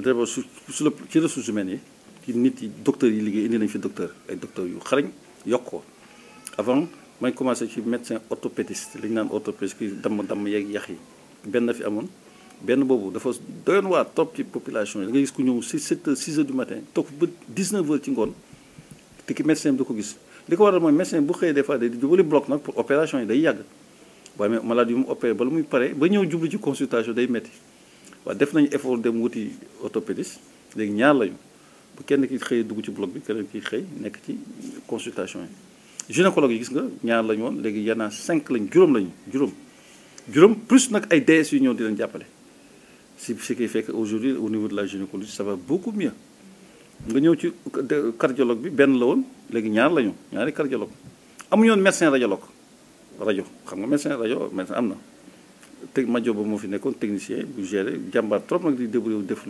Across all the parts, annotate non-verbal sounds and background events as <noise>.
d'abord su su la ci ressources humaines yi ci nit yi docteurs yi liggéey indi nañ fi docteur ay docteur yu xarañ yokk avant may commencé ci médecin orthopédiste li ñu naan orthopédiste ki damm damm yeeg yax yi benn fi amoon benn boobu dafa doyoon waa trop ci population yi da nga gis ku ñëw si 7 heures 6 heures du matin toog ba 19 heures ci ngoon te ki médecin bi du ko gis li ko waral mooy médecin bu xëyee des fois day jubali bloc nag pour opération yi day yàgg waaye mais malade yu mu opéré ba lu muy pare ba ñëw jublu ci consultation day métti waaw def nañu effort dem wuti orthopédiste léegi ñaar lañu bu kenn ki xëyee dugg ci bloc bi keneen ki xëy nekk ci consultation yi gynécologue yi gis nga ñaar lañu woon léegi yanaa cinq lañ juróom lañu juróom juróom plus nag ay DS yu ñëw di leen jàppale si ce qui fait que aujourd'hui au niveau de la gynécologie ça va beaucoup mieux nga ñëw ci cardiologue bi benn la woon léegi ñaar lañu ñaari cardiologue amuñu woon médecin radiologue rajo xam nga médecin rajo médecin am na Je suis mo fi nekkoon technicien bu géré jàmbaar trop nag di débrouiller def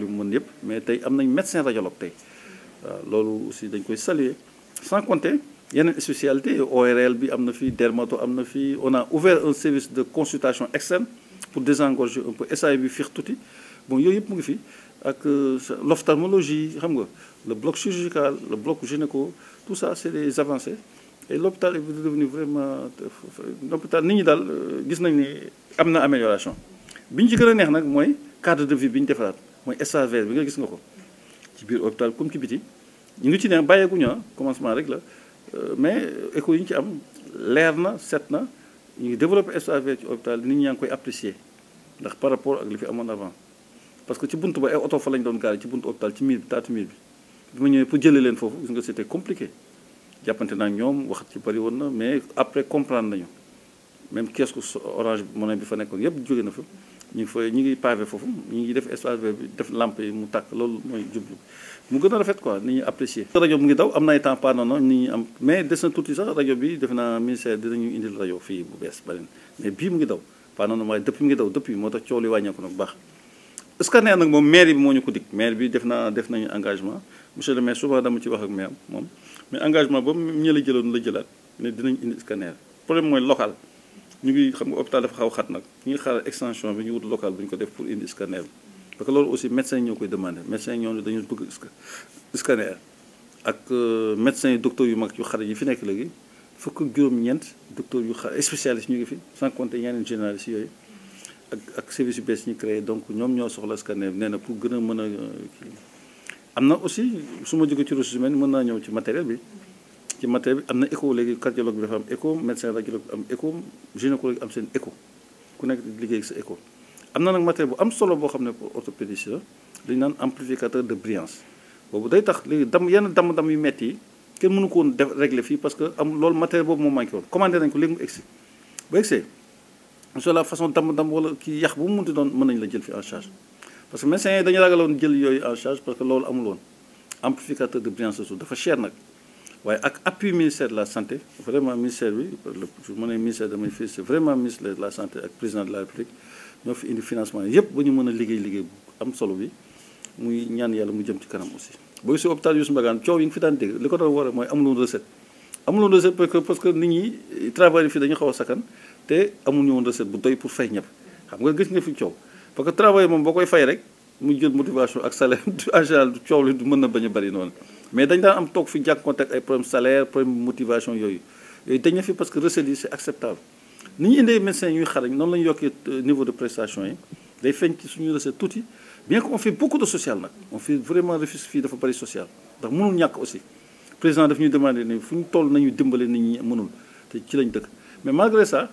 mais tey am nañ médecin radiologue tey été loolu aussi dañ koy saluer sans compter yeneen spécialité ORL bi am na fi dermato on a ouvert un service de consultation externe pour désengorger un peu SAE bi fiix tuuti bon yooyu yëpp mu ngi fi ak euh, l'ophtalmologie xam nga le bloc chirurgical le bloc gynéco tout ça c'est des avancées et l'hôpital est devenu vraiment l'hôpital nit ñi dal gis nañ ni amna amélioration biñ ci gëna neex nak moy cadre de vie biñ ñu moy espace vert bi nga gis nga ko ci biir hôpital comme ci biti ñu ngi ci neex bàyyeeguñu ah commencement rek la euh, mais écho yi ñu ci am leer na set na ñu développer espace vert ci hôpital nit ñi yaa ngi koy apprécier ndax par rapport ak li fi amoon avant parce que ci buntu ba auto fa lañ doon gaari ci buntu hôpital ci miir bi taatu miir bi bi ñëwé pour jëlé leen fofu gis nga c'était compliqué jàppante naa ñoom wax ci bëri woon na mais après comprendre nañu même kees ku orange monnaie bi fa nekkoon yëpp jóge na fa ñu ngi ñu ngi pavé foofu ñu ngi def espace bi def lampe yi mu takk loolu mooy jublu mu gën a rafet quoi nit ñi apprécier rajo mu ngi daw am na ay temps panono nit ñi am mais des na tuuti sax rajo bi def naa ministère dinañu indil rajo fii bu bees beneen mais bii mu ngi daw panono waaye depuis mu ngi daw depuis moo tax coow li wàññeeku nag bu baax scanner nag moom maire bi moo ñu ko dig maire bi def naa def nañu engagement monsieur le maire souvent dama ci wax ak maire moom mais engagement boobu ñi la jëloon la jëlaat ne dinañ indi scanner problème mooy local ñu ngi xam nga hôpital dafa xaw xat nag ñu ngi xaaral extension bi ñu wut local bu ñu ko def pour indi scanner bi parce que loolu aussi médecin ñoo koy demandé médecin ñoom dañu bëgg scanner ak euh, médecin docteur yu mag yu xare yi fi nekk léegi fukk juróom-ñeent docteur yu xare spécialiste ñu ngi fi sans compter ñeneen généraliste yooyu ak ak service yu bees ñu créé donc ñoom ñoo soxla scanner bi nee na pour gën a mën a euh, kii am na aussi su ma jógee ci ressources humaines mën naa ñëw ci matériel bi ci matériel bi am na écho léegi cardiologue bi dafa am écho médecin radiologue bi am écho gynécologue am seen écho ku nekk liggéey ak sa écho am na nag matériel bu am solo boo xam ne pour orthopédiste la li ñu naan amplificateur de brillance boobu day tax léegi dam yenn dam-dam yu metti yi kenn mënu ko woon def régler fii parce que am loolu matériel boobu moo manqué woon commandé nañ ko léegi mu egsi bu egsee sur dam wala kii yax bu mu munti doon mën nañ la jël fi en charge parce que médecins yi dañu ragaloon jël yoy en charge parce que lolu amul won amplificateur de brillance su dafa cher nak waye ak appui ministère de la santé vraiment ministère bi su ma nee ministère damay fii c'est vraiment ministère de la santé ak président de la république ñoo fi indi financement yépp ba ñu mën a liggéey liggéey am solo bi muy ñaan yalla mu jëm ci kanam aussi. booy si hôpital Youssou mbagan ciow yi fi daan dégg li ko doon waral mooy amuloon recette won recette parce que parce que nit ñi travail fi dañu xaw a té amul ñu woon recette bu doy pour fay ñep xam nga gis nga fi ciow parce que travail moom boo koy fay rek mu jël motivation ak salaire <laughs> en général coow du mën na bañ a bëri noonu mais dañ daan am toog fi jànkuwante ak ay problème salaire problème motivation yooyu yooyu dañ fi parce que recette yi c'est acceptable ni ñu indee médecin ñuy xarañ noonu lañ ñu yokkee euh, niveau de prestation yi day feeñ ci suñu recette tuuti bien que on fait beaucoup de social nag on fait vraiment refus fii dafa bëri social ndax mënul ñàkk aussi président daf ñu demandé ne fu ñu toll nañu dimbale nit ñi mënul te ci lañ dëkk mais malgré ça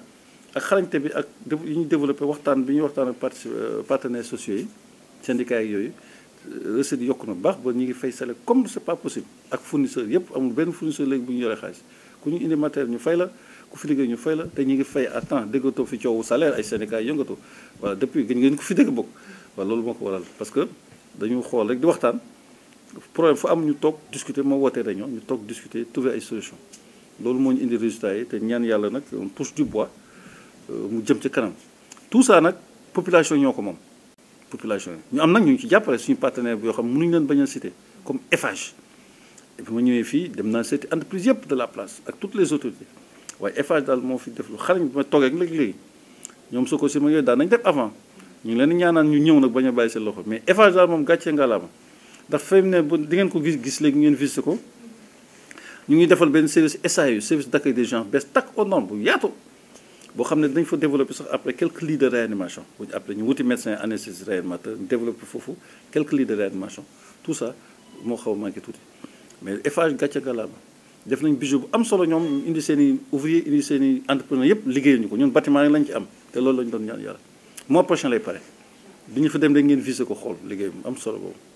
ak xarañte bi ak yi ñuy développé waxtaan bi ñu waxtaan ak euh, partenaires sociaux yi syndicats yi yooyu euh, recettes yi yokku na baax ba ñu ngi fay salaire comme c'est pas possible ak fournisseurs yëpp amul benn fournisseur léegi bu ñu yore xaalis ku ñu indi matériel ñu fay la ku fi liggéey ñu fay la te ñu ngi fay à temps déggatoo fi coowu salaire ay syndicats yi yëngatu voilà depuis gëj ngeen ko fi dégg bokk waaw loolu moo ko waral parce que dañu xool rek di waxtaan problème fu am ñu toog discuter moo wootee réunion ñu toog discuter trouver ay solution loolu moo ñu indi résultat yi te ñaan yàlla nag on touche du bois euh, mu jëm ci kanam tout ça nag population ñoo ko moom population ñu am nag ñu ngi ci jàppale suñu partenaire bi yoo xam mënuñu leen bañ a cité comme Eiffage bi ma ñëwee fii dem naa seeti entreprise yëpp de la place ak toutes les autorités waaye Eiffage daal moo fi def lu xarañ bi ma toogee ak léegi-léegi ñoom soo ko si ma yooyu daan nañ def avant ñu ngi leen di ñaanaan ñu ñëw nag bañ a bàyyi seen loxo mais Eiffage daal moom gàccee ngalaama ndax fay ne di ngeen ko gis gis léegi ngeen visité ko ñu ngi defal benn service SAU service d'accueil des gens bees takk au nombre bu yaatu boo xam ne dañ fa développé sax après quelques lits de réanimation après ñu wuti médecin anesthésiste réanimateur développé foofu quelques lits de réanimation tout ça moo xaw a manqué tuuti mais Eiffage gàcce gàllaama def nañ budget bu am solo ñoom indi seen i ouvrier indi seen i entrepreneur yëpp ñu ko ñun bâtiment yi lañ ci am te loolu lañu doon ñaan yàlla moo prochain lay pare bi ñu fi dem da ngeen visé ko xool liggéey bu am solo boobu